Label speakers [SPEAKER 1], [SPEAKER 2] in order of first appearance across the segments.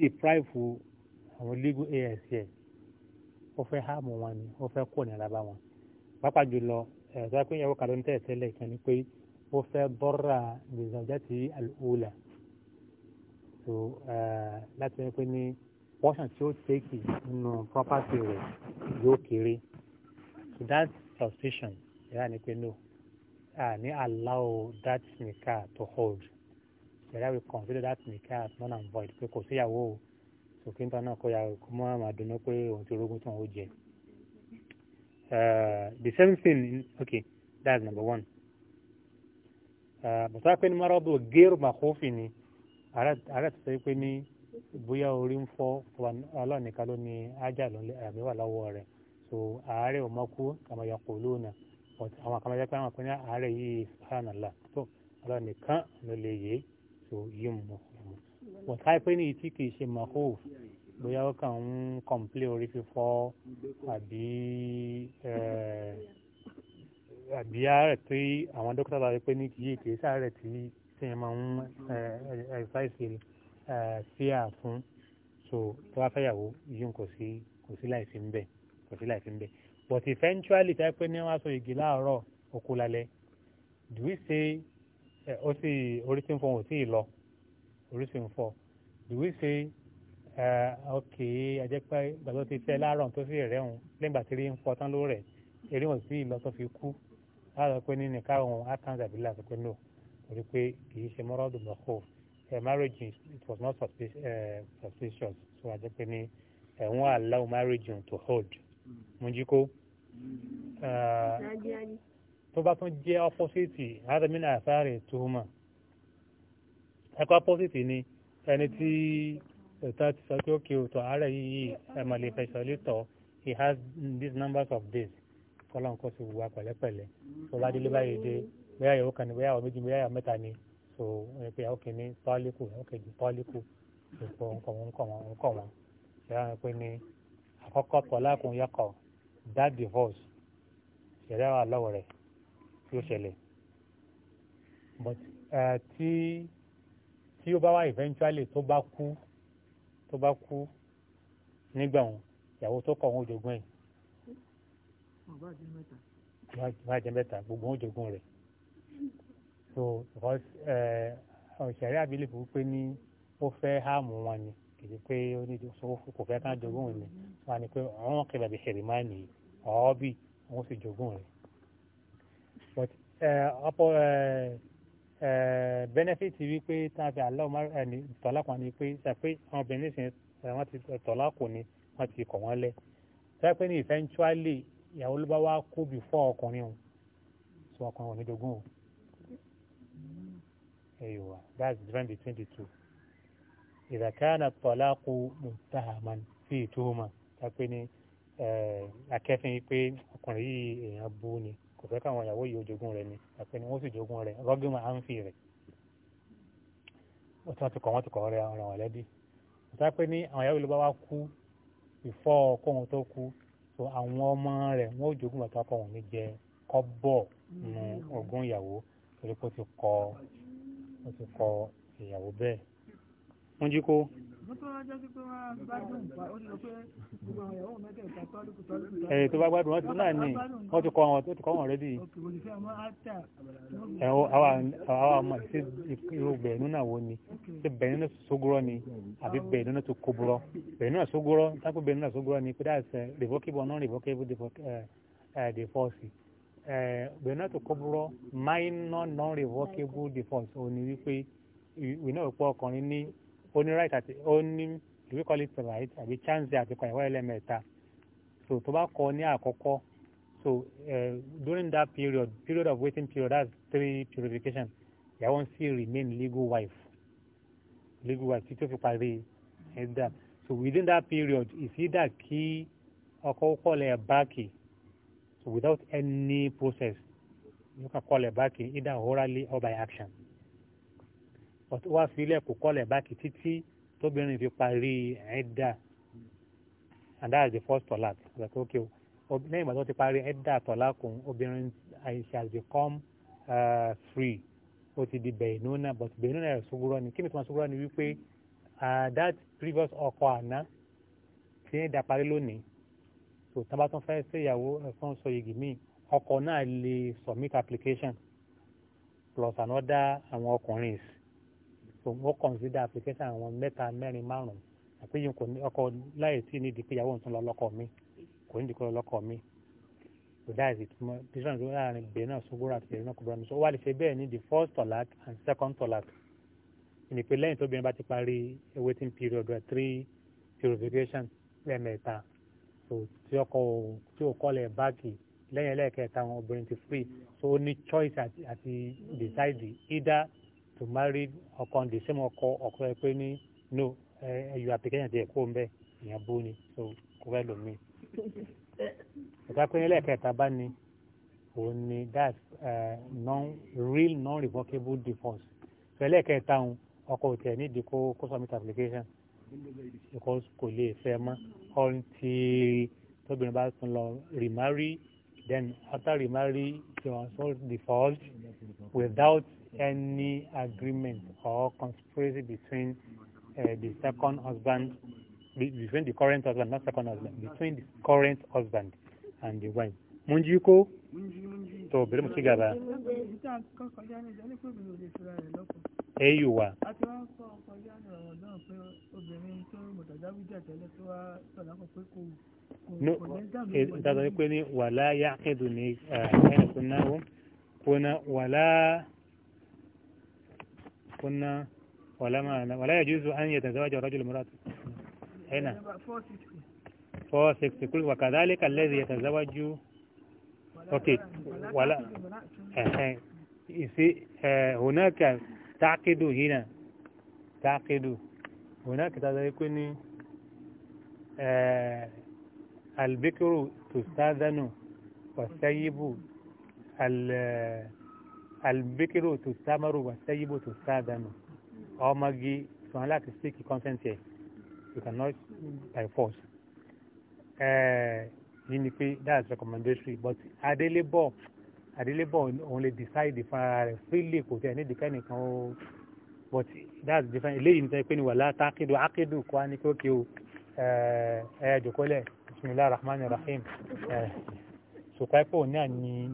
[SPEAKER 1] deprive àwọn legal AS yẹ ó fẹ́ háàmù wọn ni ó fẹ́ kó nira bá wọn pàápàá jùlọ ẹ̀ tó yẹ kó ìyàwó kàdó ń tẹ̀ tẹ́lẹ̀ kan ni pé ó fẹ́ bọ́ra gbèsè àlùhùlà so láti wọ́n pé ní portion tí ó tẹ́kì nínú property rẹ̀ yóò kéré so that substitution yàrá ni pé no ah ní allow that nika to hold ṣẹ̀rá will consider that nìkẹ́ as non and void pé kò síyàwó o sòkè nípa náà kó ya kó mọ́ àwọn àdùnnú pé òun ti rógún tán ó jẹ. Uh, the same thing okay that's number one. Uh, bùtá pé ní márọ́dù géèrò màkófì ni ààrẹ ti sọ pé ní bóyá orí ń fọ́ ọlọ́ọ̀nìkan ló ní ájà lọ́lẹ́ àbí wà lọ́wọ́ rẹ̀ so ààrẹ ò mọ́kú kàmá ya kò lónà àwọn kàmá ya pé àwọn akọ́nyá ààrẹ yìí sàánà là tó ọlọ́ọ̀nìkan ló lè yé so yin muslimu wọ́n ká pé ní ìtí kìí ṣe mahoof bóyá ó kàn ń kọ̀m̀plé orí fífọ́ àbí eh, àbí ààrẹ tí àwọn dókítà bá rí pé ní kìí kìí sáré tí tíyẹn máa ń ẹ̀ẹ́sáìsì eh, eh, fíà fún so tó bá fẹ́yàwó yìí kò sí kò sí láìsí ń bẹ̀ kò sí láìsí ń bẹ̀ but eventually tá pé ní wọ́n á sọ láàárọ̀ oko lálẹ́ do we say ẹ ó sì orísun fún ò tí ì lọ orísun fọ ìwé ṣe ọkè ajẹpẹ gbàgbọ́ ti tẹ láàárọ̀ tó sì rẹ̀hùn lẹ́gbà tí rí ń fọ tán ló rẹ̀ eré wọn sí ìlọ tó fi kú láàárọ̀ pé nínú káwọn akán tàbí láti pé no torí pé kì í ṣe mọ́rọ́ dùn lọ́kọ̀ ẹ marriage it was not suspicious so ajẹpẹ ni ẹ̀wọ̀n allow marriage to hold hmm. mú jí kó. Hmm tó bá tún jẹ́ ọ́pọ́sìtì hádàmínà àfáàrẹ̀ tó mọ̀ ẹ̀kọ́ ọ́pọ́sìtì ni ẹni tí ẹ̀tọ́ ti sọ pé ó kí òtò ààrẹ yìí ẹ̀mọ̀lẹ̀ fẹ̀sọ̀lẹ́tọ̀ he has these numbers of days kọ́lọ́n kó sì wà pẹ̀lẹ́pẹ̀lẹ́ tó bá délé báyìí dé bóyá ìyàwó kan ní bóyá àwọn méjì bóyá ìyàwó mẹ́ta ni so ẹ pé ìyàwó kìíní tọ́líkù ìyàwó kejì tọ́líkù ìpò nǹkan nǹkan nǹkan wọn ìyàwó ẹ pé ní àkọ́kọ́ tọ́lákùn yẹkọ̀ that divorce ìyàwó àlọ́wọ̀ rẹ̀ tí ó ṣẹlẹ̀ but eh, tí tí ó bá wá eventually tó bá kú tó bá kú nígbà wọn ìyàwó tó kọ̀ wọn òjògùn ẹ̀ bá jẹ mẹ́ta gbogbo wọn òjògùn rẹ̀ so because ọ̀sẹ̀rẹ́ àbílẹ̀kù pé ní ó fẹ́ háàmù wọn ni kìí pé ó ní kò fẹ́ ká jogún rẹ̀ ni wọn ni pé àwọn kẹlẹ̀ bí ṣẹ̀rìmáà nìyí ọ̀ọ́bì wọn sì jogún rẹ̀ ọ̀pọ̀ benefit wípé tá a fi àlọ́ ẹni tọ́lá kan ni pé sàpé àwọn obìnrin sì wọ́n ti tọ́lá kò wọ́n ti kọ̀ wọ́n lẹ̀ sàpé ní eventually ìyàwó ló bá wá kú before ọkùnrin o so ọkùnrin ò ní o ẹ̀yọ̀wà that's different between the two ìdàkánà tọ́lá kò mùtáhàmán sí ìtúhùmá sàpé ní akẹ́fìn pé ọkùnrin yìí èèyàn bú ni kò fẹ́ káwọn ìyàwó yìí ó jogún rẹ̀ ni àpẹ ni wọ́n sì jogún rẹ̀ rọ́gìmọ̀ à ń fi rẹ̀ ó tí wọ́n ti kọ́ wọ́n ti kọ́ rẹ̀ ọ̀rọ̀ ọ̀lẹ́bí ọ̀tá pé ní àwọn ìyàwó ìlú kú ìfọ́ ọkọ̀hún tó kú so àwọn ọmọ rẹ̀ wọ́n ó jogún bàtà ọkọ̀hún ní jẹ kọ́bọ̀ nu ogún ìyàwó torí pé ó ti kọ ìyàwó bẹ́ẹ̀ wọ́n jí kó
[SPEAKER 2] ẹ̀yìn tó bá gbádùn wọn ti náà ní
[SPEAKER 1] wọ́n ti kọ́ wọn tó ti kọ́ wọn rẹ́dí ẹ̀wọ́ àwọn àmọ́ sí irú bẹ̀ẹ̀nú náà wo ni ṣé bẹ̀ẹ̀nú náà sógúrọ́ ni àbí bẹ̀ẹ̀nú náà tó kóbúrọ́ bẹ̀ẹ̀nú náà sógúrọ́ tákù bẹ̀ẹ̀nú náà sógúrọ́ ni pé dáàsì rìvọ́kébọ̀ náà rìvọ́kébọ̀ dìfọ́sì bẹ̀ẹ̀nú náà tó kóbúrọ́ minor non revocable default òní wípé ìwé náà pọ̀ ọkùnrin ní ó right àti ó ní do we call it right àbí chance àti kọ ìwà ẹlẹ́mẹ̀ta so tó bá kọ ní àkọ́kọ́ so uh, during that period period of waiting period that's three purification ìyàwó ń sì remain legal wife legal wife títí ó fi parí ẹ̀dá so within that period is either kí ọkọ kọlẹ̀ báàkì so without any process you can call a back either orally or by action wá filẹ̀ kò kọ́lẹ̀ báàkì títí tóbìnrin fi parí ẹ̀dá and that is the first tọ́lá like okay lẹ́yìn ìgbà tó ti parí ẹ̀dá tọ́lá kùn obìnrin she has become uh, free ó ti di bẹ̀yìnúnà but bẹ̀yìnúnà rẹ̀ sugurọ́ ni kí ni tuma sugurọ́ ni wípé uh, that previous ọkọ àná ti ń parí lónìí so tí wọ́n bá tún fẹ́ ṣèyàwó ẹ̀fọn sọ yìgì míì ọkọ náà lè submit application plus another àwọn ọkùnrin sí so wọ́n kọ̀nsídà application àwọn mẹ́ta mẹ́rin márùn-ún àpéyìn kò ní ọkọ láyè tí ní di pé ìyàwó tún lọ lọ́kọ̀ mi kò ní di pé lọ́kọ̀ mi so that is it mo decision tó láàrin bẹ̀rẹ̀ náà sógbóra àti bẹ̀rẹ̀ náà kò bẹ̀rẹ̀ mi so wọ́n á lè ṣe bẹ́ẹ̀ ní the first tolak and second tolak ìní pé lẹ́yìn tó bẹ̀rẹ̀ bá ti parí waiting period rẹ̀ three purification lẹ́ẹ̀mẹ́ta so tí ọkọ tí ò kọ́lẹ̀ báàgì lẹ́yìn ẹlẹ́ẹ̀kẹta àwọn obìnrin ti free so ó ní choice àti àti decide either to marry ọkàn the same ọkọ ọkọ ẹ pé ní no ẹyọ application ti ẹ kó ń bẹ ìyẹn ni so kò fẹ́ lò mí. ìgbà pé nílẹ̀ kẹta bá ní òun ni that non real non revocable divorce fẹ́lẹ́ kẹta òun ọkọ òtí ẹ̀ nídìí kó kó submit application because kò lè fẹ́ mọ́ until tóbìnrin bá tún lọ remarry then after remarry she was also divorced without any agreement or conspiracy between uh, the second husband, between the current husband, not second husband, between the current husband and the wife. Munjiko tó bẹ̀rẹ̀ mú sí gàbà. Eyi wa. No, ìdájọ́ pé ní wàlá yá kéde ní ẹ̀ẹ́dẹ̀kùn náà kó ná wàlá. كنا ولما ولا يجوز أن يتزوج الرجل امرأة هنا 460 وكذلك الذي يتزوج اوكي ولا إيه، إيه، إيه، هناك تعقد هنا تعقد هناك تكون آه، البكر تستاذن والسيب albikiru tó sámárù wà sẹ́yìnbó tó sáàdánù ọmọge sọ̀rọ̀ láti seek consent here you cannot by force. yìí ni pé that's recommendatory but adélébọ̀ adélébọ̀ òun lè decide fúnra rẹ̀ uh, freely kò tẹ̀ ní ìdíkẹ́ nìkan ó but that's different eléyìí ní sọ pé ni wàhálà tákìdù ákìdù kọ́ á ní kí ó kí o ẹ eh, eh, jòkólẹ̀ bisimilahi rahman rahim ṣùkọ́ eh, ẹ̀pọ̀ náà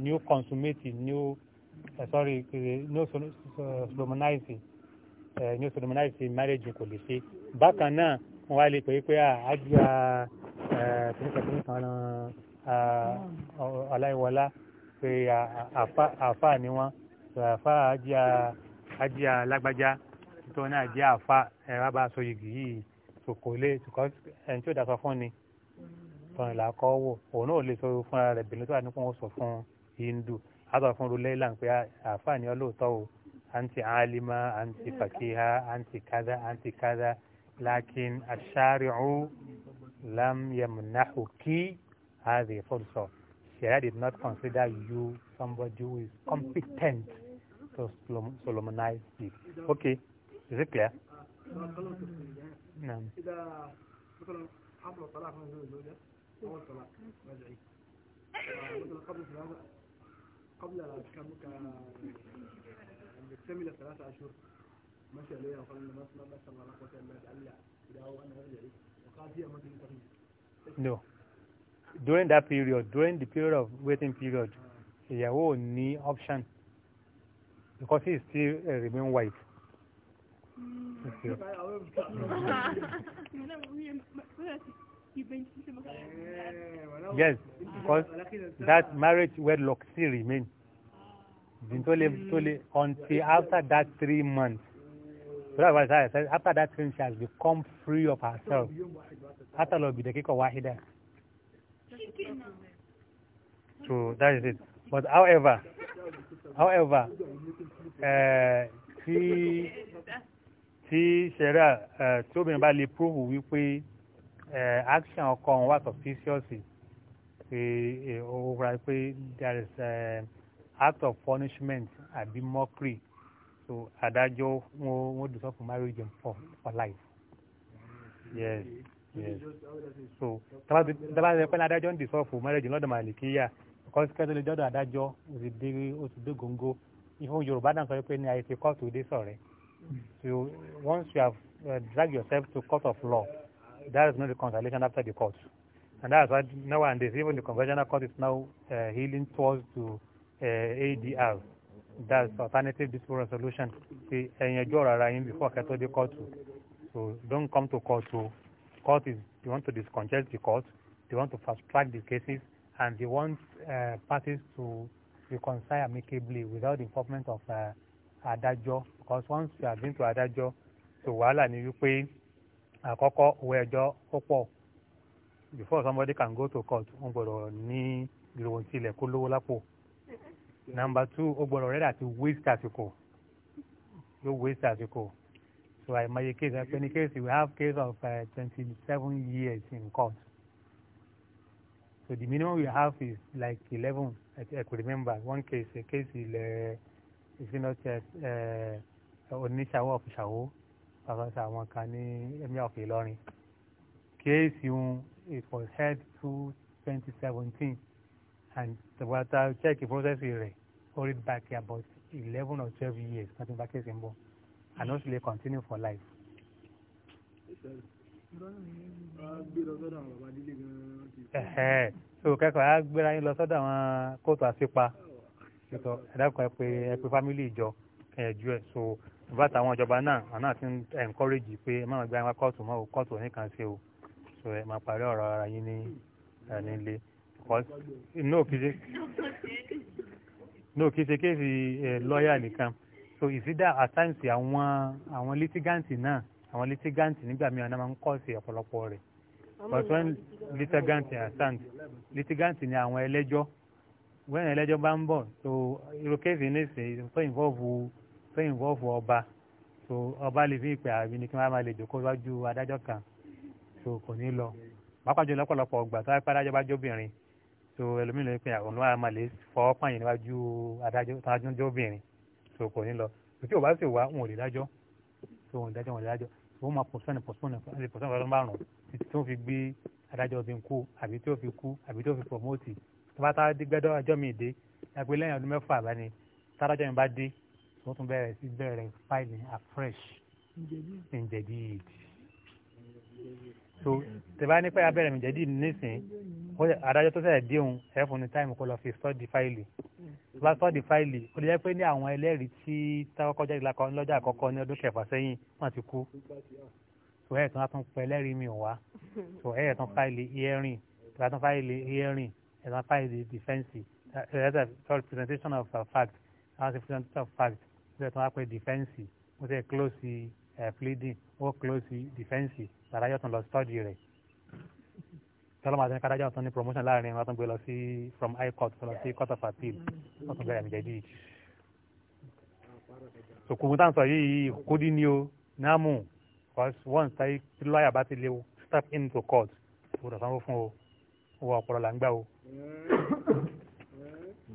[SPEAKER 1] ni ó consummate new uh, sorry eh, no sodomanize uh, eh, no sodomanize marriage kò lè ṣe bákan náà wọn wá lè pè é pé àjùwà ah, kìnnìkan aláìwọlá pé àfà ni wọn àfà àjìyà lágbájá tó náà jẹ àfà ẹwà bá so yìgì yìí kò lè ẹni tí ó dàsọ fún ni tọ̀nìlà kọ́ wò òun náà lè sọ fúnra rẹ̀ bìnrin tó wà nípò wọn sọ fún hindu. àtọ̀ àǹtí alima àǹtí fàkíhà àǹtí kádà àǹtí kádà lakin lam yamnahu kí sharia did not consider you somebody who is competent to solomonize it okay is it clear. نعم إذا مثلا حصل من زوجة رجعي
[SPEAKER 2] مثلا قبل قبل كم ك
[SPEAKER 1] ثلاثة أشهر وقال لنا ما ما شاء الله لا إذا هو أنا أرجع وقال فيها ما No. During that period, during the period of waiting period, ìyàwó only option because he still uh, remain white. Hmm. Okay.
[SPEAKER 2] yes because that
[SPEAKER 1] marriage wedlock still remain ntole ntole until after that three months so that was I said after that three she has become free of herself after lọ bìdẹ kíkọ wáhídà so that is it but however however eh, tí tí sẹ́rà eh, tí obìnrin bá lè prove wípé. Eh, action ọkọ wọn wà suspicious pé eh, ó ra pé there is uh, act of punishment àbí mockery so adájọ́ wọn wọn do something marriage for for life yes yes
[SPEAKER 2] so tábà tó
[SPEAKER 1] pẹ́ ní adájọ́ ń disọ́ọ̀fù marriage lọ́dọ̀ màlìkíyà consequence lè dọ́dọ̀ adájọ́ ó ti dé ó ti dé góńgó ìfún yorùbá náà sọ pé ní àyè ti court òde sọ̀rẹ́ so once you have uh, drag yourself to court of law. That is not the consolation after the court. And that's why nowadays even the conventional court is now uh, healing towards to uh, ADR. That's alternative dispute resolution. See, ẹ̀yin ẹjọ́ rárá yín before kẹ́tọ́ court. So don't come to court o. Court is they want to discongest the court, they want to fast track the cases, and they want uh, parties to reconcile amicably without the involvement of uh, adájọ́ because once you are going to adájọ́, so wàhálà you pay àkọ́kọ́ owó ẹjọ́ ó pọ̀ before somebody can go to court wọ́n gbọ́dọ̀ ní ìròyìn tilẹ̀ kó lówó lápò number two ó gbọ́dọ̀ rẹ́dà ti waste àsìkò yóò waste àsìkò so àìmọye case ẹgbẹ́ ní case we have case of eh, twenty seven years in court so the minimum we have is like eleven I, I could remember one case a case ilẹ̀ uh, ìsinọ́tẹ̀ oníṣàwọ̀ ọ̀fìṣàwọ̀ sàkóso àwọn kan ní emir of Ìlọrin kéèsì un it was held through twenty seventeen and tẹ̀wọ́ta check process rẹ̀ hold back about eleven or twelve years láti bá kéèsì ń bọ̀ and also dey continue for life. ẹ̀hẹ́ so kẹ́kọ̀ọ́ á gbéra yín lọ sọ́dọ̀ àwọn kóòtù àṣepa ẹ̀dá kan ẹ pé ẹ pé family ìjọ kẹ̀yẹ̀jú ẹ̀ so vat àwọn ìjọba náà àwọn náà ti ń encourage pé ẹ máa gba ẹwà kóòtù mọ́ o kóòtù oníkan ṣe o so ẹ máa parí ọ̀rọ̀ ara yín ní ẹni ilé no kìí no kìí ṣe kéèsì lọ́ọ̀yà nìkan so ìsídà àtàǹsì àwọn àwọn litigant, náà àwọn lítígáǹtì nígbà mìíràn náà máa ń kọ́ọ̀sì ọ̀pọ̀lọpọ̀ rẹ̀ but when lítígáǹtì àtàǹsì litigant ni àwọn ẹlẹ́jọ́ when ẹlẹ́jọ́ bá ń bọ̀ so irú kéèsì ní ìsìn tó involve tó involve ọba so ọba lè fi ìpè àbí ni kí wọ́n máa lè jòkó iwájú adájọ́ kan so kò ní lọ pàápàá jùlọ lọ́pọ̀lọpọ̀ ọgbà tó wáá pé adájọ́ bá jóbìnrin so ẹlòmíì lè pe àwọn ọlọ́wà máa lè fọwọ́ pààyàn níwájú adájọ́ tó wáá jóbìnrin so kò ní lọ tí ò bá sì wá wọn ò lè dájọ́ so wọn ò dájọ́ wọn ò lè dájọ́ so wọ́n máa postpone postpone àti postpone ọdún márùn-ún títí tó fi gbé adájọ́ fi ń kú àbí tó fi kú àbí tó fi promote tó bá tá a dé gbẹ́dọ́ ọjọ́ mi dé ẹgbẹ́ ọdún mẹ́fà bá ní tádájọ́ mi bá dé ó tún bẹ̀rẹ̀ sí bẹ̀rẹ̀ filing afresh ǹjẹ̀díìd so tẹ̀bá ní pé abẹ́rẹ́ ǹjẹ̀díìd nísìn adájọ́ tó sẹ̀rẹ̀ déhùn ẹ̀fọn ní táìmù kó lọ fi sọ́ọ̀dì fáìlì tó bá sọ́ọ̀dì fáìlì ó lè jẹ́ pé ní àwọn ẹlẹ́rìí tí táwọ́kọ́ jáde lọ́jà àkọ́kọ́ ní ọdún kẹfà sẹ́yìn wọ́n ti kú so ẹ̀ tún pẹ́ ẹlẹ́rìí mi wá so ẹ̀ tún fáìlì hearing tẹ̀bá tún fáìlì hearing ẹ̀ tún fáìlì defense ẹ̀ tún presentation of fact ẹ̀ tún presentation of fact ṣe tán wá pé dìfẹ́ǹsì ó ṣe close ẹ̀ eh, pleading ó close dìfẹ́ǹsì tàdájọ́ tán lọ study rẹ̀ tọ́lọ́mọ àti kádájọ́ tán ní promotion láàrin wọn tán gbé lọ sí from high court lọ sí court of appeal wọ́n tún bẹ̀rẹ̀ nìjẹ́ díì. sòkùnkùn tá à ń sọ yìí kódì ni o náàmù because once tí lọ́ọ̀yà bá ti lé step into court gbọ́dọ̀ sanwó fún o owó ọ̀pọ̀lọ̀ là ń gbà o.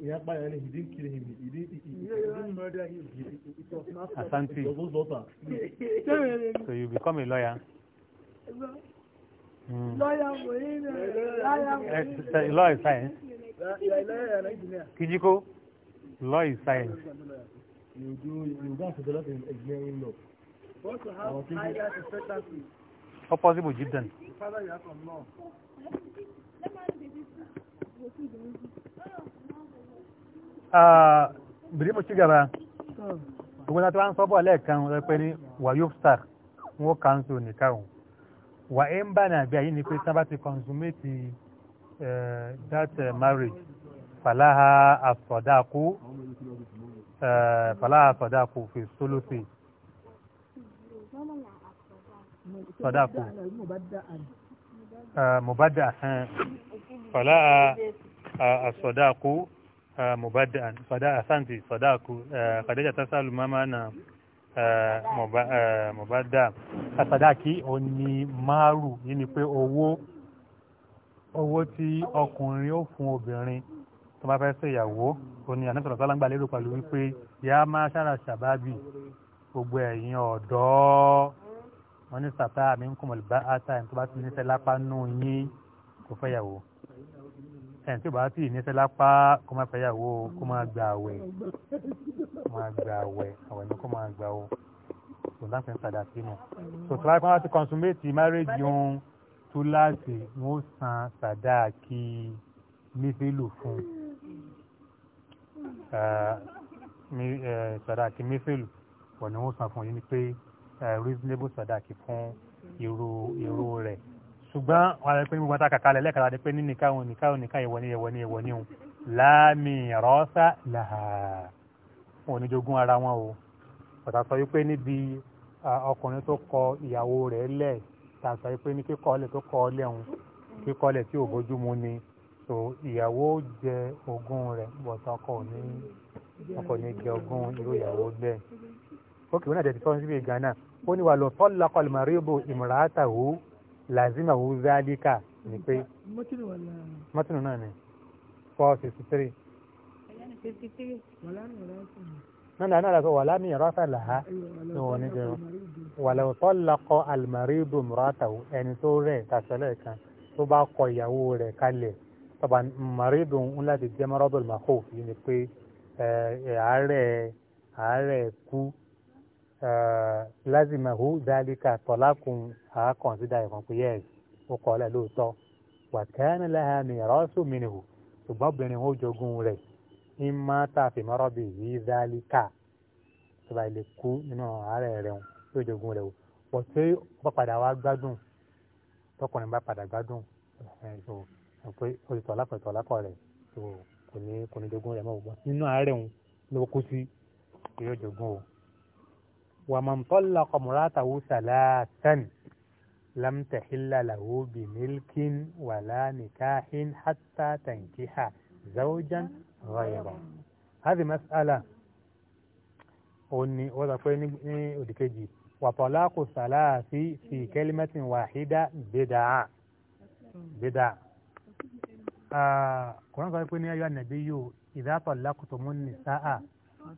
[SPEAKER 1] ìyẹn pa Asante so you become a lawyer. Mm.
[SPEAKER 2] Lawyer for him. Lawyer. Eh, law
[SPEAKER 1] Kijiko, Lawyer is You do you go to develop in engineering law. What to have higher expectancy? How possible, Jibdan? Father, you have some law. Ah, bìrí mo ṣígàbá ah. gbogbo náà tó wá ń sọ́bọ̀ lẹ́ẹ̀kan rẹ pé ní wà yóò star wọ́n kàńsù nìkáhùn wà é ń bà náà bí ayé ni pé sábà ti consummate eh, that eh, marriage fàláhà àsọ̀dáàkú fàláhà àsọ̀dáàkú fi sólófè sọ̀dáàkú mubada fàláhà àsọ̀dáàkú مبدئا fada أحسنتي fada خديجة تسأل ما معنى مبدأ sadaki ó ní márù yìí ni pé owó owó tí ọkùnrin ó fún obìnrin tó bá fẹ́ ṣèyàwó ó ní ànátọ̀rọ̀ sálá ń gbà lérò pẹ̀lú wípé yá máa ṣára ṣàbábì gbogbo ẹ̀yin ọ̀dọ́ wọn ní sàtà mi ń kùmọ̀lì bá àtà ẹni tó bá ti ní sẹ́lápá nù yín kò fẹ́yàwó ẹni tí ó bá sì níṣẹ́ lápá kó máa fẹ́yàwó kó máa gba àwẹ̀ kó máa gba àwẹ̀ àwẹ̀ ni kó máa gba o kò láti ń padà sínú tòtò láti wọn ti consummate marriage ohun túláàsì wọn ó san sàdáàkì mífìlù fún sàdáàkì mífìlù wọn ni wọn ó san fún yín ni pé reasonable sàdáàkì fún irú irú rẹ̀ ṣùgbọ́n wọn àti pé gbogbo wọn ta kàkálẹ̀ lẹ́ẹ̀kan láti pé ní nìka òun nìka òun nìka ìwọ ni ìwọ ni ìwọ ni òun láàmì rọ́ṣà làhà òun ni jogún ara wọn o ọ̀tà sọ wípé níbi ọkùnrin tó kọ ìyàwó rẹ̀ lẹ̀ tà sọ wípé ní kíkọ́lẹ̀ tó kọ́ lẹ́hùn kíkọ́lẹ̀ tí ò bójú mu ni so ìyàwó jẹ ogún rẹ̀ bọ̀tà ọkọ ní ọkọ ní jẹ ogún irú ìyàwó bẹ́ẹ̀ ókè wọn àti ẹ̀dẹ̀ tí wọ́n ń síbi ìgànnà ó ní wà lọ́ọ́ tọ́lá kọlùmọ̀rẹ́bù ìmọ̀ràn àtàwọ́ lazima hu zalika ni pé
[SPEAKER 2] mọ́tìnù
[SPEAKER 1] náà ni four sixty three. nanda ana la ko wala mi rafa laha ni woni je wala talaqa al marid imra'atahu ẹni tó rẹ̀ ta sele kan tó bá kọ ìyàwó rẹ̀ kalẹ̀ tó bá marid un la de jamaradul makhuf ni pé eh àárẹ̀ àárẹ̀ kú lázimahu dálíkà tọ́lákùn àákọ̀nsídà ìkan pé yẹ́ ó kọ́ ọ́lẹ̀ lóòótọ́ wa kana laha mirasu minhu ṣùgbọ́n obìnrin ó jogún rẹ̀ ìmá tààfin mọ́rọ́bì yìí dálíkà tó bá lè kú nínú ààrẹ rẹ̀ yóò jogún rẹ̀ o pọ̀ tí ó padà wá gbádùn tọkùnrin bá padà gbádùn pé olùtọ̀ alápẹ̀tọ̀ alápọ̀ rẹ̀ kò ní jogún rẹ̀ mọ́ nínú ààrẹ òun ló kú sí yóò jogún o. ومن طلق امرأته ثلاثا لم تحل له بملك ولا نكاح حتى تنكح زوجا غيره هذه مسألة أني أدكجي وطلاق الثلاث في كلمة واحدة بدعة بدعة آه كنا نقول يا النبي إذا طلقتم النساء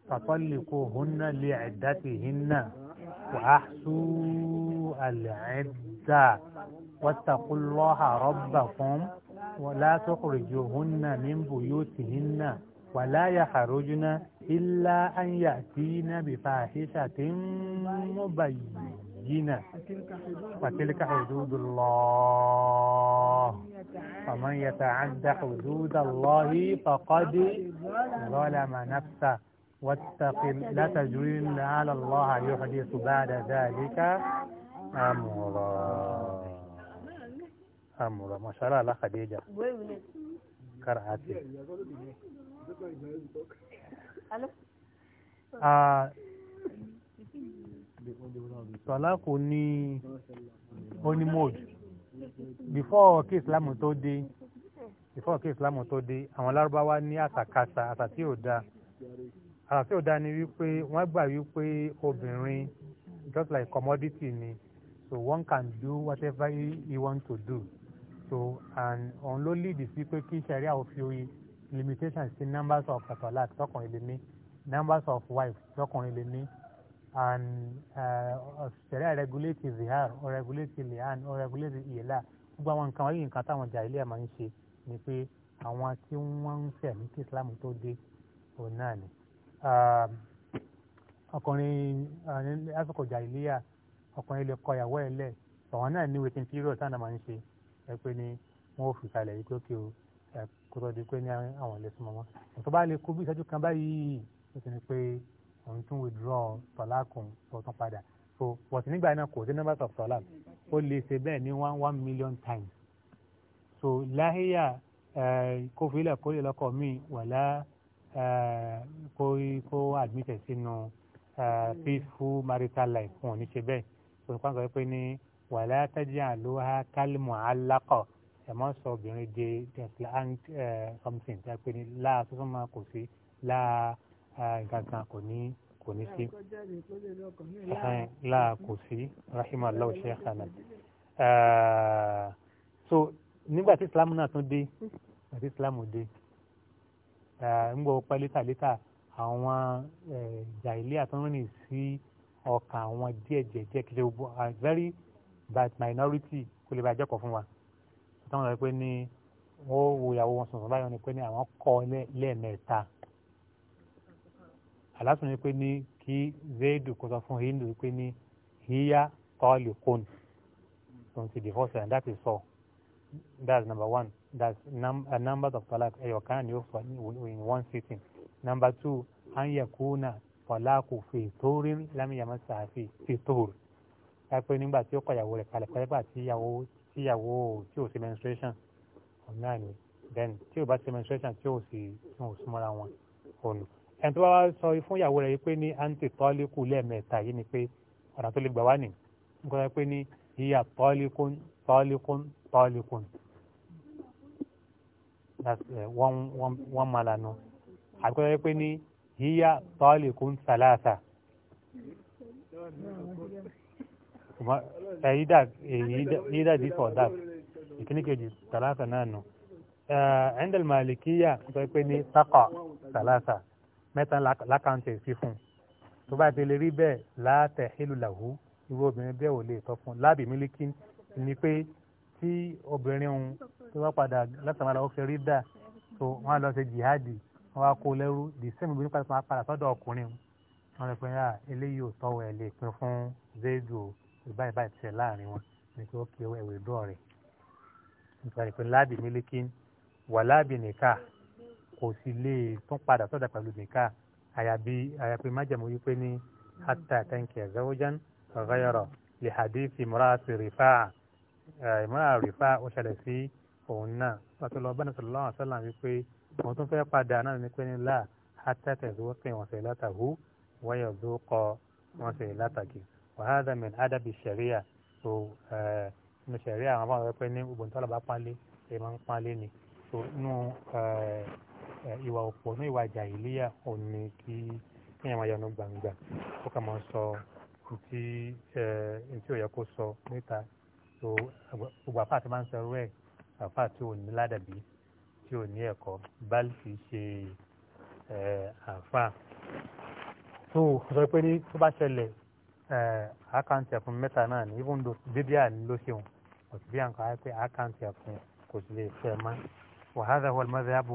[SPEAKER 1] فطلقوهن لعدتهن وأحسوا العدة واتقوا الله ربكم ولا تخرجوهن من بيوتهن ولا يخرجن إلا أن يأتين بفاحشة مبينة وتلك حدود الله فمن يتعد حدود الله فقد ظلم نفسه واتق لا تجرين على الله يحدث بعد ذلك أمرا أمرا ما شاء الله خديجة قرأتي tọ́lákò ní honeymoon before kí islam tó dé before kí islam tó dé àwọn lárúbáwá ní àtàkàtà àtàtì ò dáa àrà tí ò dá ni wípé wọ́n gbà wípé obìnrin just like commodity ni so one can do whatever he, he want to do so and òun ló lead sí pé kí sẹ̀ríà ò fi limitation sí numbers of patolat tọkùnrin lè ní numbers of wives tọkùnrin lè ní and sẹ̀ríà uh, regulate zihar or regulate lian or regulate iyela gbogbo àwọn nǹkan wáyé nǹkan táwọn jà ilé ẹ̀ máa ń ṣe ni pé àwọn tí wọ́n ń fẹ̀ ní kí islam tó dé òun náà ni. Um, ọkùnrin uh, lásìkò jàìlíyà ọkùnrin lè kọ ìyàwó ẹ̀ lẹ̀ ọ̀wọ́n náà ní wetin period táwọn máa ń ṣe ẹ pé ní wọn ò fi kalẹ̀ yìí tó kí o kó tó di pé ní àwọn ilé súnmọ́ wọn ìtọ́ bá lè kú bí ìṣẹ́jú kan báyìí ó ti ní pé òun tún withdraw tọ́lákùn tọ́tún padà so wọ́n ti nígbà náà kò sí numbers of tọ́lá ó lè ṣe bẹ́ẹ̀ ní one one million times so láhíyà kófìlẹ̀ kólé lọ́kọ̀ míì wàlá kó kó admitted sínú peaceful marital life wọn ò ní ṣe bẹ́ẹ̀ kò ní pàṣẹ pé ní wàlá tájà ló ha kálímù alákọ̀ ẹ̀ mọ́ sọ obìnrin di declarant something tí a pè ní láà tó tún máa kò sí láà nǹkan kan kò ní kò ní sí
[SPEAKER 2] láà kò sí rahim allah sheikhana
[SPEAKER 1] so nígbà tí islam náà tún dé nígbà tí islam dé ńgbọ́ eh, pẹ́ létàlétà àwọn eh, jàìlé àtọ́rìnrìn sí ọkàn àwọn díẹ̀ jẹ̀jẹ̀ kìlẹ̀ gbogbo a very bad minority kò lè bá jẹ́kọ̀ fún wa táwọn sọ pé ní wọ́n wo ìyàwó wọn sọ̀rọ̀ báyọ̀ ni pé ní àwọn kọ́ lẹ́ẹ̀mẹ́ta aláṣọ ni pé ní kí zaidu kó sọ fún hindu pé ní hiya tọ́ọ̀lù kónù tó ń ti that is all that's number one that num a uh, number of talak ẹyọ kan ni for in one sitting number two an yẹ kúnà fọláàkù fi tóórí lámìyàmọ sàáfì fi tóórí kápẹ́ nígbà tí ó kọ ìyàwó rẹ̀ kalẹ̀ pẹ́ẹ́pà tíyàwó tíyàwó tí ò sí menstruation ọ̀nà ni then tí ò bá sí menstruation tí ò sì tí ò súnmọ́ra wọn òní. ẹni tó bá wá sọ fún ìyàwó rẹ̀ yìí pé ní anti tọ́líkù lẹ́ẹ̀mẹ́ta yìí ni pé ọ̀nà tó lè gbà wá nì nígbà pé ní ìyà tọ́líkùn tọ́líkùn tọ́líkùn Uh, wọ́n máa lànà àgbẹ̀rẹ̀ pé ní híyá tọ́ọ̀lì kún sàlàsà either this or that ìkíní kejì sàlàsà náà nù ẹ̀ndẹ̀l eh, màlìkíyà sọ pé ní sákọ̀ sàlàsà mẹ́ta lákàntẹ̀ sí fún tó bá ti lè rí bẹ́ẹ̀ látẹ̀ hílùlàhú irú obìnrin bẹ́ẹ̀ ò lè tọ́ fún lábì mílíkì ni pé tí obìnrin òun tí wọ́n padà lọ́sàn-án lọ́wọ́ fẹ́ rí dà tó wọ́n lọ ṣe jihadi wọ́n wá kó lẹ́rú the same bí nípa padà sọ́dọ̀ ọkùnrin wọn lè pín yà eléyìí ò tọ́wọ́ ẹ̀ lè pín fún zaidu ìbáyìí báyìí tiẹ̀ láàrin wọn ní kí ó kí ẹ̀wẹ̀ dúró rẹ̀ nípa ìpín láàbì mílíkì wà láàbì nìkà kò sì lè tún padà sọ́dọ̀ pẹ̀lú nìkà àyàbí àyàpé májàmú wípé ní hata tanki zawjan ghayra li hadithi imra'ati rifa'a imra'a rifa'a ó ṣẹlẹ̀ sí òun náà pàtó lọ bá nàṣẹ lọ́wọ́ àṣàlà wípé òun tún fẹ́ padà náà ní pé ní là hátẹ́tẹ̀ tó pè wọ́n sẹ̀ látàhú wáyà tó kọ wọ́n sẹ̀ látàgì wàhálà mi àdàbí sẹ̀ríà tó nínú sẹ̀ríà àwọn afọ́nà wípé ní gbogbo nítorí ọba pálí ẹ̀ máa ń pálí ni tó nínú eh, eh, ìwà òpó nínú ìwà jàìlíyà òun ni kí kéèyàn máa yọnu gbangba ó kà máa sọ ntí eh, ntí ò yẹ kó sọ níta tó gbogbo àpá àti máa ń sọ ẹrú ẹ̀ àfa tí ò ní ládàbí tí ò ní ẹ̀kọ́ báàlì kì ṣe àfa tó sọ pé ní tó bá ṣẹlẹ̀ àkáǹtì ẹ̀fún mẹ́ta náà ní even though bíbí àní ló ṣeun kò sí bí à ń kọ́ pé àkáǹtì ẹ̀fún kò sí lè fẹ́ mọ́ وهذا هو المذهب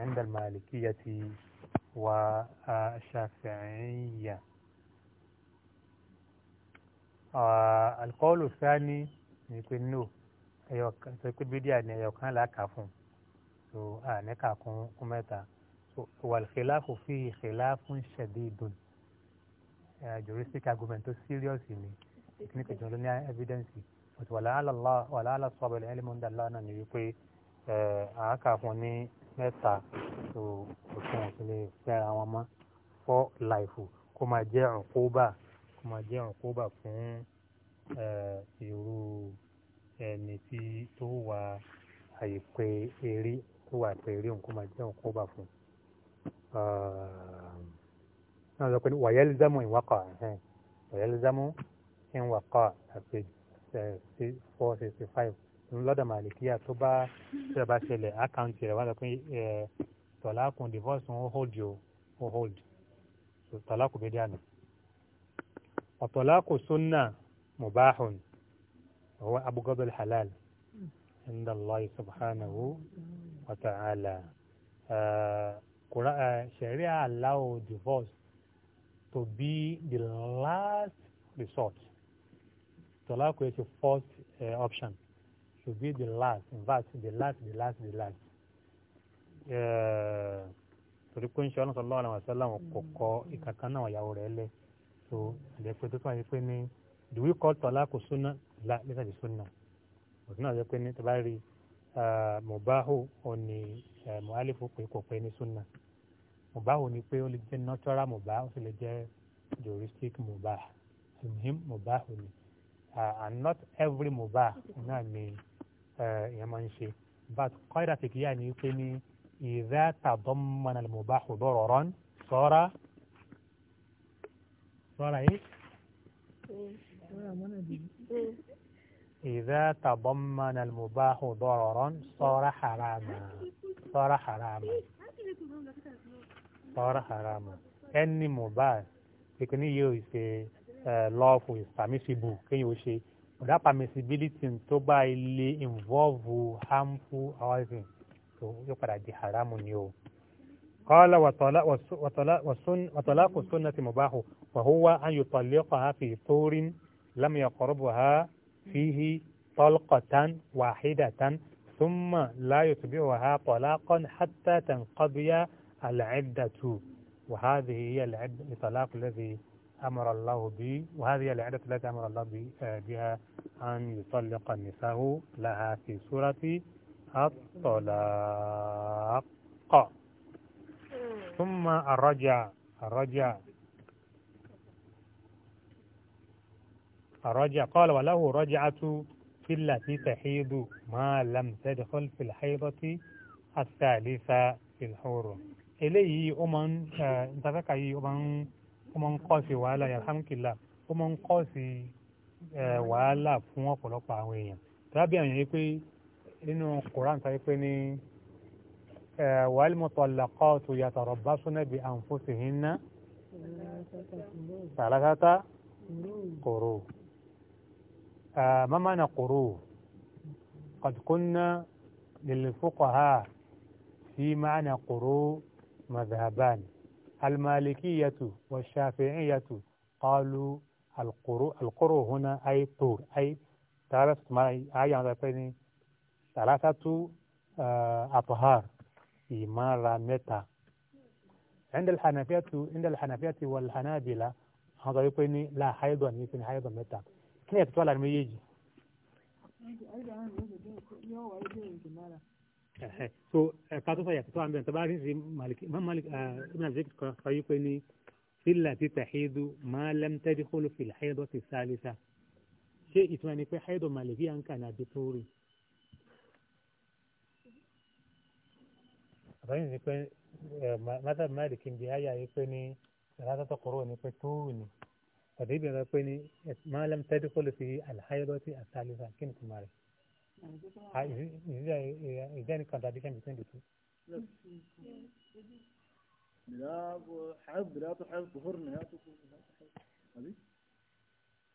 [SPEAKER 1] عند المالكية والشافعية القول الثاني يقول نو ẹyọkan sọ pé bídíà ni ẹyọkan là kà fún so a ní kà kún kún mẹ́ta so wàlxilafu fi xilafun shadidun juristic argument tó serious ni ìkíníkà jọ ló ní evidence but wàlá àlà sọ̀rọ̀ ilẹ̀ ẹlẹ́mú ń dàlá náà ni wípé a kà fún ní mẹ́ta so òfin òfin fẹ́ra wọn mọ́ fọ́ láìfù kó máa jẹ́ ọ̀kóbà kó máa jẹ́ ọ̀kóbà fún irú ẹni tí tó wà àìpé eré tó wà àìpé eré òun kó máa jẹ́ òun kó bà fún náà lọ pé wàyẹ́lìzámù ìwákọ̀ wàyẹ́lìzámù ìwákọ̀ àti four sixty five lọ́dọ̀ màlìkíyà tó bá tó bá ṣẹlẹ̀ àkáǹtì rẹ̀ wá lọ pé tọ̀lákùn divorce ń hold you, ó hold tọ̀lákùn bẹ́ẹ̀ dànù ọ̀tọ̀lákùn sunna mubahun. هو أبو أبغض الحلال عند الله سبحانه وتعالى uh, Sharia allow divorce to be the last resort talaq is the first uh, option should be the last in fact the last the last the last so the ń ṣe ọlọ́sọ̀lọ́ àwọn àṣẹ láwọn kò kọ ìkankan náà so the tó fà yí pé ní do we call tọ́lákù súnà la lẹ́sà ti súnà òtún náà yẹ pé ní tọ́ba rí mùbáhù òní mùálífù pé kò pé ní súnà mùbáhù ni pé ó lè jẹ́ natural mùbáhù ó sì lè jẹ́ juristic mùbáhù ìmùhìm mùbáhù ni uh, and not every mùbáhù náà ni ìyẹn máa ń ṣe but kọ́ìdà tìkìyà ni pé ní ìdá tàdọ́mọ̀nà mùbáhù dọ̀rọ̀rọ̀ sọ́ra sọ́ra yìí. إذا تضمن المباح ضررا صار حراما صار حراما صار حراما any mobile ìkíní yóò ṣe lawful is permissible kéèyàn ó ṣe ọ̀dà permissibility tó bá ilé involve harmful housing tó yóò padà di haramu ni o. قال وطلاق السنة مباح وهو أن يطلقها في طور لم يقربها فيه طلقة واحدة ثم لا يتبعها طلاقا حتى تنقضي العدة وهذه هي العدة الطلاق الذي أمر الله به وهذه العدة التي أمر الله آه، بها أن يطلق النساء لها في سورة الطلاق ثم الرجع الرجع àrọ́jà kọ́lá wà láwù rọ́jà àtú fílà tí tàhídù máa lam tẹ́dẹ̀kọ́l fìlàhídọ́tì àtàlísà ìlhóró. eléyìí ó máa ń ntàkàkà eh, yìí ó máa ń kọ́ sí wàhálà alhamdulillah ó máa ń kọ́ sí
[SPEAKER 2] eh, wàhálà
[SPEAKER 1] fún ọ̀pọ̀lọpọ̀ àwọn èèyàn tàbí àwọn èèyàn pé nínú koran sáré pé ní eh, wal mutallaqatu yatarabbasuna bi anfusihinna salasata quru. آه، ما معنى قروه قد قلنا للفقهاء في معنى قروه مذهبان المالكية والشافعية قالوا القرو القرو هنا أي طور أي ثلاثة أي عندنا ثلاثة أطهار مرة متى عند الحنفية عند الحنفية والحنابلة هذا يقولني لا حيضا يمكن حيضا متى kí ni ẹ̀tọ́ láàrin méjèèjì. so ẹ̀ka tó sọ yàtọ̀ tó àmì ẹ̀tọ́ba ríṣi malik ah, ibn abdul kọ́ yí pé ní sílà ti tàhídù máa lẹ́m tẹ́dí kóló fìlà ẹ̀dọ́ ti sálísà ṣé ìtumọ̀ ni pé ẹ̀dọ̀ màlẹ́bí à ń kà ní àdìtúrì. àbáyé ni pé mátàbí máàlì kìndí ayà yí pé ní ìrátọ́tọ̀ kúrò ní pé tóòrù ni. فدي بيقول بيني ما لم تدخل في الحيضة الثالثة كنت ماري آه، إذا there any contradiction between the two
[SPEAKER 2] لا حب لا تحب ظهر لا تحب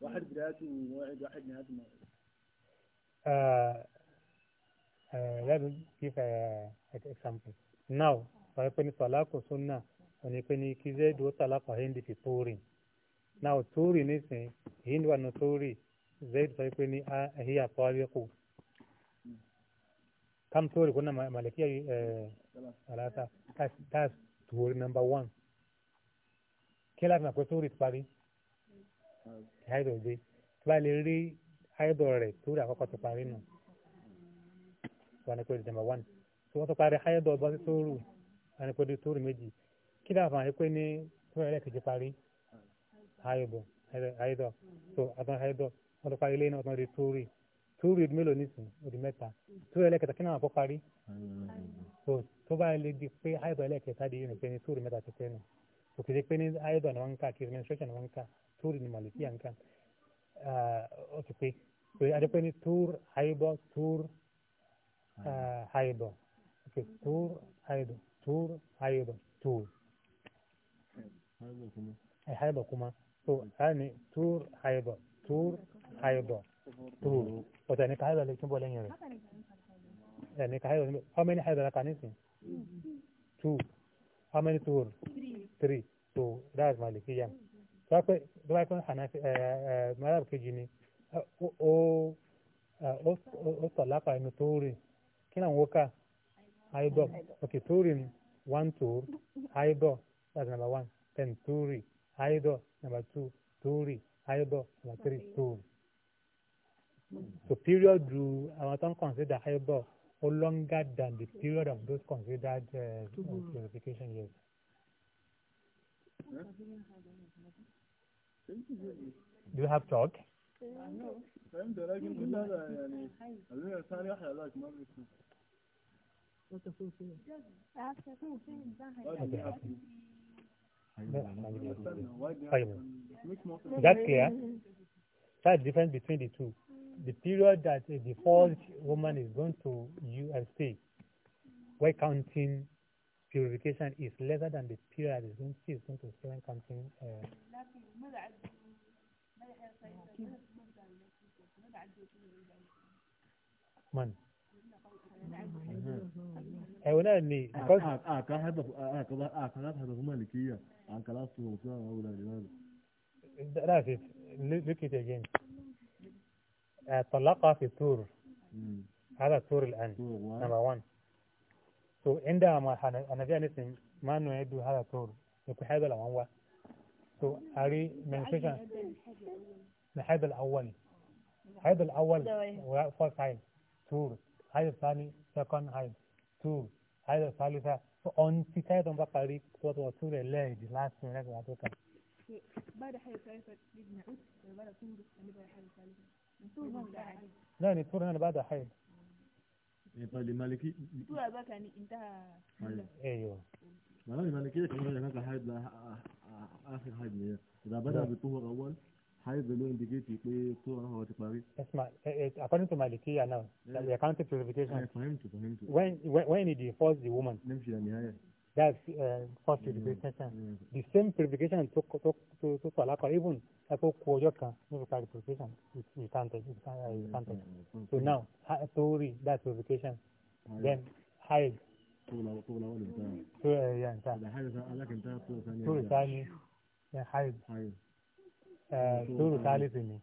[SPEAKER 2] واحد بدايته واحد واحد نهاية
[SPEAKER 1] آه آه لازم كيف آه، example now فيكون طلاق وسنة ونكون كذا دو طلاق هندي في طورين náà tóórì nísìnyí èyí ni wà ní tóórì ya sọ pé ní ẹ̀hí àpáwíkù kam tóórì kó náà màlẹ́kíyà àlàáta that's number one kila láti máa pé tóórì ti parí àìdọ̀ dé tí bá lè rí àìdọ̀ rẹ̀ tóórì àkọ́kọ́ ti number one tí wọ́n tó parí àìdọ̀ bọ́ sí tóórì wà ní tóórì méjì kí láti máa pé haido haido so ọtọ haido wọn tó parí lẹ́yìn ọtọ di túrì túrì mélòó nísìn òdì mẹ́ta túrì ẹlẹ́kẹta kí náà kọ́ parí so tó bá lè di pé haido ẹlẹ́kẹta di yìí pé ní túrì mẹ́ta ti pé nù kò kì í haido ni wọ́n ń kà kì í menstruation ni wọ́n ń kà túrì ni màlìkì à ń kà ah, ó ti pé pé adé pé ní túr haido ah, haido ok haido túr haido túr. Haido kuma. Eh, so ani tur haiba tur haiba tur o ta ni ka haiba lekin bolen yare ya ni ka haiba how many haiba ka nisin two how many tur three so that's malikiya so pe do ba kon hanafi eh marab kejì ni o o o talaka ni turi kina woka haiba okay turi one tur haiba that's number one then turi haiba number two tóórì ayọ́bọ̀ number three stone. So period ru I want to consider ayọ́bọ̀ ó longer than the period of those considered uh, purification uh, years. Do you have talk? فهمت Is that clear? That's difference between the two. The period that uh, a divorced woman is going to U.S.C. and where counting purification is lesser than the period that is going, to she is going to seven counting. Uh, man. ẹ̀wọ̀n náà ni. àkàlàtàbọ̀ màlìkíyà àkàlàtàbọ̀ tí wọ́n wọ́n wọ́n wọ́n. that's it look it again. طلقها في التور هذا التور الآن نمبر 1 so عندما النبي عليه السلام ما نعد هذا التور يكون هذا الأول so أري من فكرة من هذا الأول هذا الأول فاست هاي تور هذا الثاني سكند هاي two ayọ̀ sálífà ọ̀n ti táyọ̀ bá parí wọ́n wọ́n tún rẹ̀ lẹ́ẹ̀dì láti rẹ̀ wá tó kàn. لا نتور هنا بعد حي فالمالكي نتور
[SPEAKER 2] بقى يعني انتهى
[SPEAKER 1] ايوه ما هو المالكية كمان هناك حيض آخر حيض إذا بدأ بالطهر أول high indicate pé two and a ti parí. yes ma uh, according to my malikiya now yeah. we are purification. Yeah, for him to for him to. when when when he divorce the woman. nem fi àmì ayẹ. that's uh, first purification. Yeah, the same purification tó tó to to tó alakọ even ẹkọ kú ọjọ kan ní fi parí purification it it counted it counted. so now tori that purification then hide. طول طول اول انتهى. طول انتهى. الحاجه لكن انتهى طول ثاني. طول ثاني. حيض. حيض lóru tálẹ̀ mm. sí mi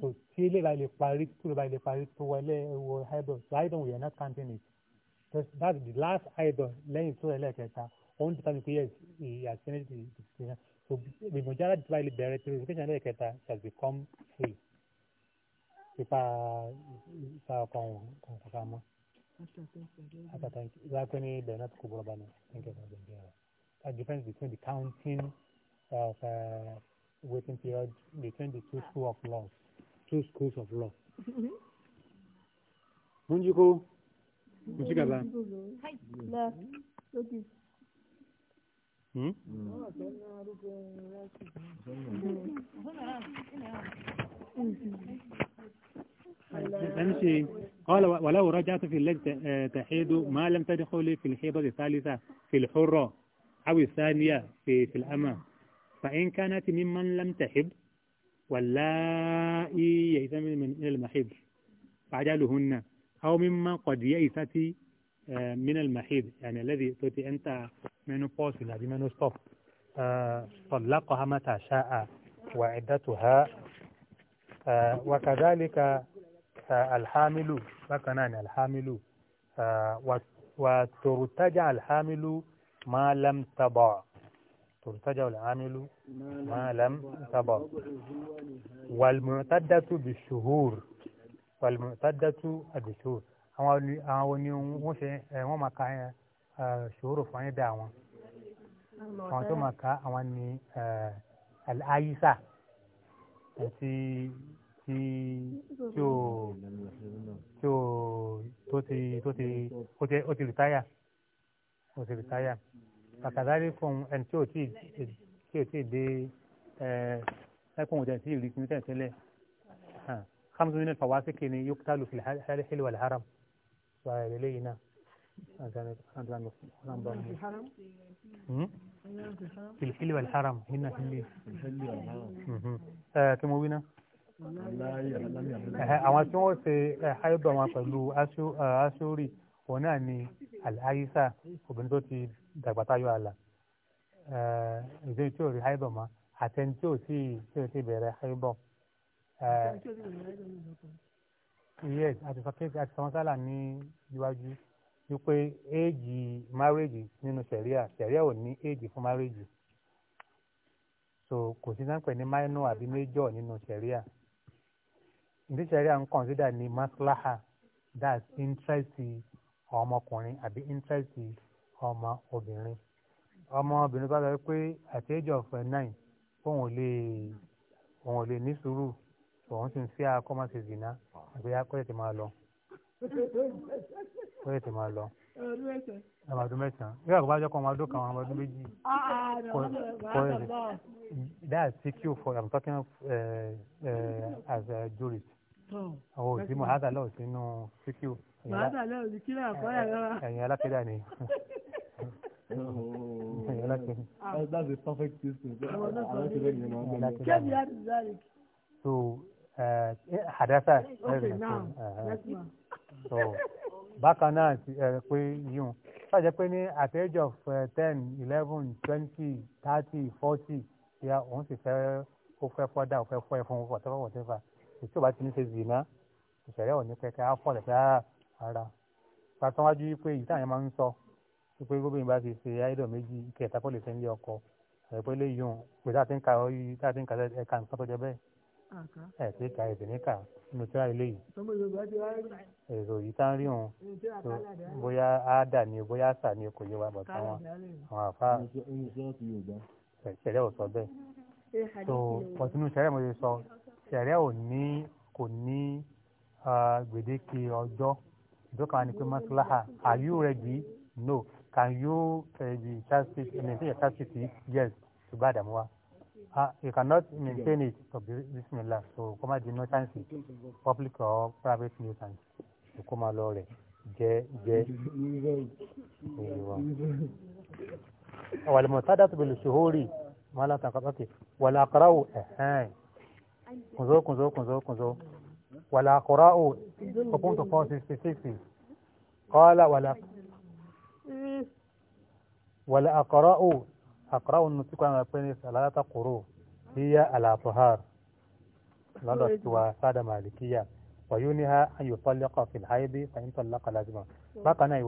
[SPEAKER 1] so tí ilé bá lè parí tí ilé bá lè parí tó wọlé wọ idol so idol we are not counting it that's the last idol lẹ́yìn tó ẹlẹ́ kẹta òun ti tàbí pé yes he has finished the decision so ìmọ̀jára ti báyìí bẹ̀rẹ̀ tí relocation ẹlẹ́ kẹta has become free ipa ipa ọkàn ọkàn kankan mọ́ after thank you lápẹ́ ní ibẹ̀ náà ti kó bá mi thank you for being there that difference between the counting of. Uh, waiting period between the two schools of law. Two schools of law. Munjiko, Munjika ba?
[SPEAKER 2] La, lókì.
[SPEAKER 1] قال ولو رجعت في اللج تحيد ما لم تدخل في الحيضة الثالثة في الحرة أو الثانية في في الأمة فإن كانت ممن لم تحب واللائي يئس من المحيض فعجلهن أو ممن قد يئست آه، من المحيض يعني الذي تؤتي أنت منوبوس ولا بمنوستوب طلقها متى شاء وعدتها آه، وكذلك آه، الحامل وكنان الحامل وترتجع الحامل ما لم تضع ترتجع العامل
[SPEAKER 2] ما لم
[SPEAKER 1] تبر والمعتدة بالشهور والمعتدة بالشهور àwọn ni wọ́n ṣe wọ́n máa ka ṣòro fún ayé bẹ́ẹ̀ àwọn àwọn tó ka àwọn ni aláyísà àti tí tí o tí o ti tó ti ó ti rìtáyà ó ti rìtáyà. فكذلك ẹni tí ò tí tí ò tí dé ẹkùn òde tí ìrìsì ní tẹ̀sílẹ̀ hamzu nínú fàwásíkì ni yóò tálù fi hàlẹ́hìlì wà lẹ́hàrám sọ àyẹ̀lẹ́ lẹ́yìn náà في الحل والحرم هنا في الليل كم وينا àwọn tí wọ́n ṣe ẹ̀ẹ́dọ̀ wọn pẹ̀lú aṣórí òun náà ni àìsà obìnrin tó ti dàgbà táyọ̀ àlà ìdí tí ò rí haibọ̀ mọ́ àtẹni tí ò tí tí ò tí bẹ̀rẹ̀ haibọ̀. yes àti sọ́kẹ́tì ní iwájú wípé éèjì márèèjì nínú sẹ̀ríà sẹ̀ríà ò ní éèjì fún márèèjì so kò sí náà pè ní máínú àbí méjọ nínú sẹ̀ríà ìdí sẹ̀ríà ń kọ̀ǹsídà ní maslaha that's interest. ọmọkùnrin àbí interest ọmọ obìnrin ọmọ obìnrin bá sọ pé at age of eh, nine òun lè òun lè ní sùúrù òun sì ń fẹ́ akọ́mọ́sí zina àbí akọ́yẹ̀ tí máa lọ akọ́yẹ̀ tí máa lọ ọmọdún mẹ́sàn-án yóò àgbà jọ́kọ́ ọmọdún kan ọmọdún méjì that's CQ for I'm talking of, uh, eh, uh, eh, as a jurist. Oh, Simo, hada lọ sínú CQ
[SPEAKER 2] ẹ̀yin
[SPEAKER 1] alákẹ́dà ni oh. that's the perfect system. kẹ́mi
[SPEAKER 2] àti
[SPEAKER 1] so hadasa. okay now next one. so bákan náà pé yíyún sọ́jà pé ní at age of ten eleven twenty thirty forty ya òun sì fẹ́ ó fẹ́ fọ́dà ó fẹ́ fọ́ ẹ̀fọn wọ́tẹ́fọ́ wọ́tẹ́fà ètò ìbá ti ní ṣe zì náà ìṣẹ̀lẹ̀ òní pẹ̀kẹ́ á fọ́ lẹ́sẹ̀ á ara pàtàwájú wípé èyí táwọn máa ń sọ wípé gómìnà bá ti ṣe áìdọ̀ méjì kẹta pọ̀ lè fi ń lé ọkọ ẹ̀pẹ́ lè yùn pé tá a ti ń ka ọyí tá a ti ń ka ẹ̀ka nǹkan tó jẹ bẹ́ẹ̀ ẹ̀ ti ka ẹ̀sìn níkà nínú tíra ilé yìí èrò yìí tá ń rí òun bóyá áádà ni bóyá àṣà ni kò yé wa bọ̀ táwọn àwọn àfa ṣẹ̀rẹ́ ò sọ bẹ́ẹ̀ so pọ̀tínú ṣẹ̀rẹ́ mo lè sọ ṣẹ̀rẹ́ ò ní kò ní ah, gbèdéke ọjọ́ ìtọ́ka ni pé maslaha are you ready no can you uh, be chastity maintain your chastity yes to bá àdàmú wa ah you cannot maintain it to be bismillah so kó má di no public or private nuisance so kó má lọ rẹ̀ jẹ́ jẹ́ ìwà. والمعتادة بالشهور ما لا تنقطع ولا أقرأ أهان كنزو كنزو كنزو كنزو ولا قراء فقمت فاصل في قال ولا ولا أقراء أقراء النسك أنا أقول ثلاثة قروء هي على طهار لدى وسادة مالكية ويونها أن يطلق في الحيض فإن طلق لازمه bákan náà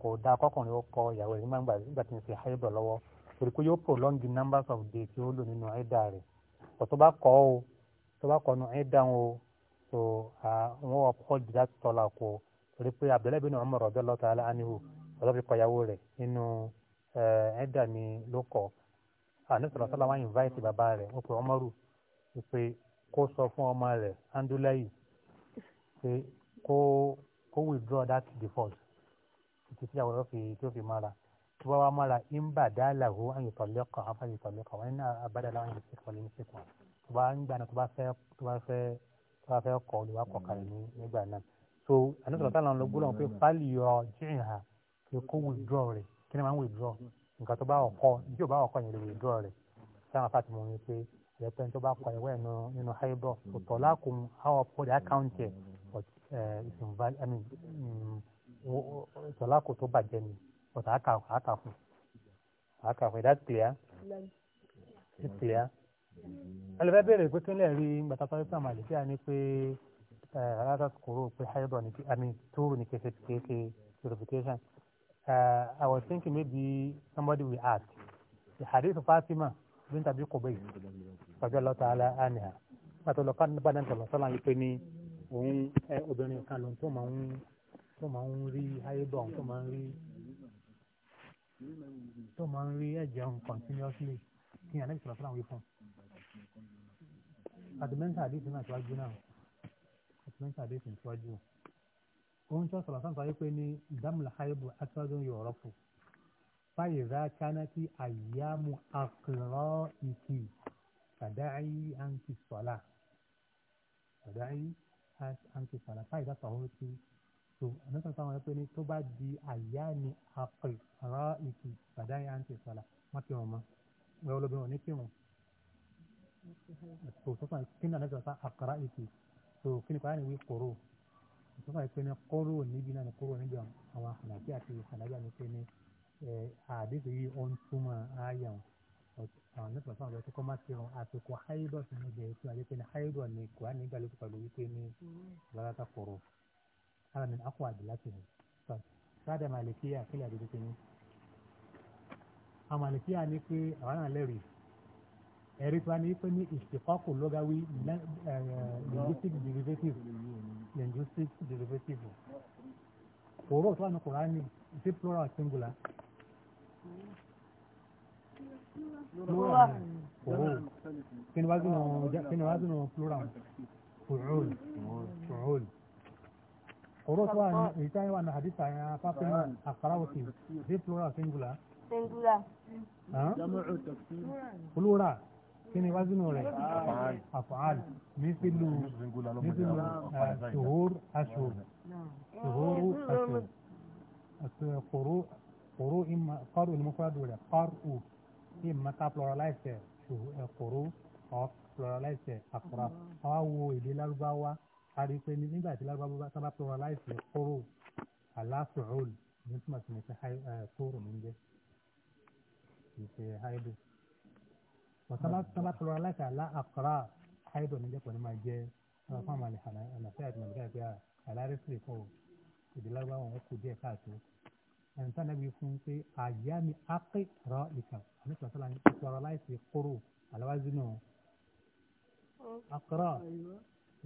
[SPEAKER 1] kò dáa kọkùnrin ó kọ ìyàwó rẹ̀ nígbà tí ń fi haibọ̀ lọ́wọ́ torí pé yóò prolong numbers of days tí ó lò nínú ẹ̀dá rẹ̀ kò tó bá kọ́ ọ tó bá kọ́ nu ẹ̀dá wọn o so a wọn wà kọ́ jìdá tọ́lá kó torí pé abdullahi bin umar radiyallahu ta'ala anhu ọlọ́fi kọ́yàwó rẹ̀ nínú ẹ̀ẹ́dà mi ló kọ́ àníṣòro sọ́lá wọn invite bàbá rẹ̀ ó pe ọmọrù pé kó sọ fún ọmọ rẹ̀ andulayi pé kó kó withdraw that default títí tí àwọn ọlọ́fi tí ó fi mára tí wọ́n wá mára ń bà dá làwọ̀ àyùtọ̀lẹ́kọ̀ àfàyùtọ̀lẹ́kọ̀ wọn ní àbádàlá wọn yìí ṣe kọ́ lé ní ṣe kọ́ tó bá ń gbà náà tó bá fẹ́ tó bá fẹ́ tó a fẹ́ kọ́ olùwà kọ̀ọ̀kalẹ̀ ní nígbà náà so àníṣòro hmm. táwọn lọ gbólóhùn pé fáìlì yọ jíìn ha kí kó withdraw rẹ̀ kí ni máa ń withdraw nǹkan tó bá ọkọ ìjọ bá ọkọ yẹn lè withdraw rẹ̀ sáwọn afáàtì mọ̀ ní pé ẹ̀rẹ́pẹ́ tó bá kọ ẹ̀wọ́ ẹ̀ nínú haibọ̀ òtọ̀ lákùn how up for ẹ̀ òtọ̀ eh, mm, lákùn tó bàjẹ́ ni but àákà fún àákà fún ìdá clear it's ẹlẹ́fẹ́ bẹ̀rẹ̀ pé kí n lè rí gbàtà sáré sàmà lè fi àní pé rárá kúrò pé i mean tóòrù ni kèsè kèsè purification I was thinking maybe somebody will ask the hadith Fatima bint Abi Qubays radiyallahu ta'ala anha pàtó lọ́kàn nípa náà tọ̀lọ̀ sọ́lá yìí pé ní òun obìnrin kan ló tó máa ń tó máa ń rí haidọ̀ tó máa ń rí tó máa ń rí ẹ̀jẹ̀ continuously kí ni ìṣòro wí fún un. àdìmẹ́ńtà àdéhùn náà síwájú náà àdìmẹ́ńtà àdéhùn síwájú ohun tí wọ́n sọ̀rọ̀ sáǹsà wípé ní dámùlà haibu atúwádùn yọ̀rọ̀ fò fáyì rà kánátì àyàmù àkùrọ̀ ìkì kàdáyì àǹkì sọ̀là kàdáyì àǹkì sọ̀là fáyì rà sọ̀rọ̀ sí so àdéhùn sáǹsà wọn wípé ní tó bá di àyàmì àkùrọ̀ ìkì kàdáyì àǹkì sọ̀là má kírun mọ́ wẹ́wọ́ lóbi wọn ní kírun so sọ́kàn kí ni àlejò sá àkàrà ètò so kí ni kọ́ra ni wí kóró sọ́kàn pé ní kóró níbi náà ni kóró níbi àwọn ànàbí àti ànàbí àti pé ní àdéhùn yìí ó ń túmọ̀ ayà àwọn nípa sáwọn ọ̀dọ́ tó kọ́ máa ti hàn àsìkò haidọ̀ sí ní ìjẹ́ ètò àyè pé ní haidọ̀ ni kò á ní ìgbà lókè pẹ̀lú wípé ní lọ́dọ̀tà kóró ara mi akọ àdìlá ti hàn sáadà màlìkíyà kílẹ̀ àdìlá ti ní àwọn màlìkíyà ní pé àwọn náà lẹ́rìí ẹ̀rí tí wọ́n ní pé ní ìṣèkọ́kù eh, eh, linguistic derivative linguistic derivative òró tó wà ní kùránì ṣé plural singular
[SPEAKER 2] plural òró kí ni wá sínú plural
[SPEAKER 1] fùrúl fùrúl òró tó wà ní ìṣáyé wà ní àdìsá yẹn afáfẹ́ àkàràwọ̀tì ṣé plural singular
[SPEAKER 2] singular plural
[SPEAKER 1] kí ni wazinu rẹ̀ afaal mísìlù mísìlù ṣòhór aṣòr ṣòhór aṣòr kòró kòró ìmọ̀ kọ́rù ìmúfàdù rẹ̀ kọ́rù ìmọ̀ ká pluralize kòró eh, ọ̀ pluralize àkùrà àwa wo èdè lárúbáwá a rí i pé nígbà tí lárúbáwá bá sábà pluralize kòró aláṣòhór ní túmọ̀ sí ní pé kóòrò eh, ní jẹ́ kì í ṣe haidu tọ́ba tọrọ aláṣà alá àkàrà àìdọ̀ níjẹ́ pọ̀ ní máa jẹ́ fún àwọn àlàáfíà àti nàìjíríà pé àlárẹ́sìlẹ̀ kọ́ ìdílágbà wọn kù díẹ̀ káàtó ẹ̀ǹtà nàbí fún pé àyà mi ákè rọ ìkà àmì sọ̀tọ́lá ní tọrọ aláṣà kúrò àlàwájú náà àkàrà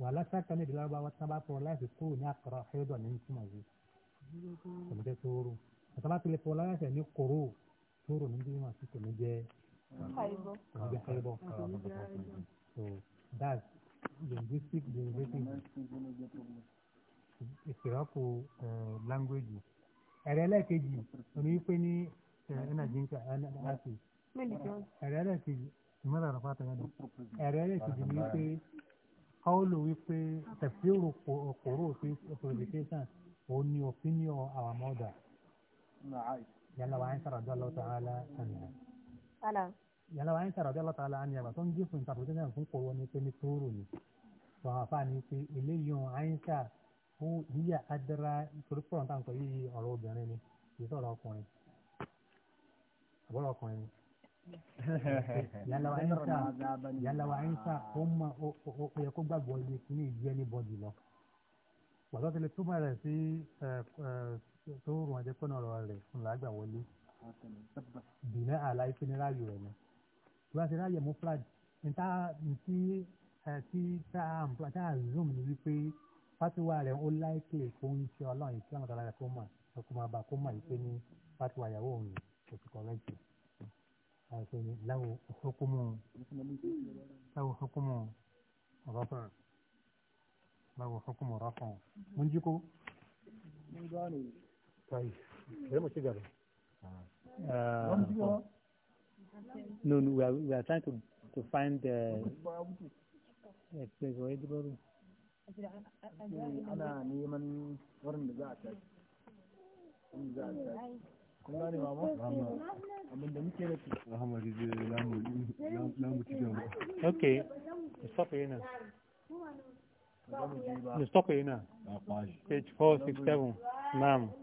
[SPEAKER 1] wàhálà sáàkà ní ìdílágbà wọn tọ́ba tọrọ aláṣà kúrò ní àkàrà àìdọ̀ ní túmọ̀ yìí kò ní jẹ́ tóoru àtàlá tilẹ̀ tọrọ aláṣà ní kúrò tóoru ní bí wọ́n ti kò ní jẹ́ So that's linguistic linguistic ìsìrọ́pù uh, language. Ẹ̀rẹ́ ẹlẹ́ẹ̀kejì oní wípé ní ẹnàjíǹkà ẹnàjíǹkà. Ẹ̀rẹ́ ẹlẹ́ẹ̀kejì ìmọ̀lá ọ̀rọ̀ pátá yẹn lọ. Ẹ̀rẹ́ ẹlẹ́ẹ̀kejì ni wípé Paulo wípé tẹ̀síwò òkòrò purification òun ni opinion our mother. Yàrá wa ń sọ̀rọ̀ dọ́lọ́tọ̀ ara ẹ̀yìn wasallam. yàrá wa Aisha radiyallahu ta'ala anha àgbà tó ń jífun interpretation fún kòwò ni pé ní tóóró ni tó àwọn afáà ni pé eléyìí ohun Aisha fún yíyà adara torí pọ̀ nípa nǹkan yìí ọ̀rọ̀ obìnrin ni kì í sọ̀rọ̀ ọkùnrin àbọ̀rọ̀ ọkùnrin ni. yàrá wa Aisha yàrá wa Aisha ó mọ ó yẹ kó gbàgbọ́ iye kí ní ìdí ẹni bọ́ jù lọ wàtọ́ tẹ́lẹ̀ túmọ̀ rẹ̀ sí tóóró àjẹpọ̀nà ọ̀rọ̀ rẹ̀ fún làágbà wọlé bìnẹ́ àlà ìpinnu ráàyò rẹ̀ ni ìwà eh, ti ráàyè mú flag níta ntí tí tá a zoom ni wípé fatiwa rẹ̀ ó láìpẹ́ kó ń ṣe ọlọ́run ìṣẹ́ àwọn ọ̀dọ́lára kó mọ̀ kó máa bà kó mọ̀ yìí pé ní fatiwa ìyàwó òun kò ti kọ̀rẹ́jì àìsàn ni láwo hukumu láwo hukumu rọ́fọ̀ láwo hukumu rọ́fọ̀ mun ji ko. mun gane. kai bari mu ci Uh, no, no, we are, we are trying to, to find uh, the ok stop here now
[SPEAKER 2] stop here now page 467 ma'am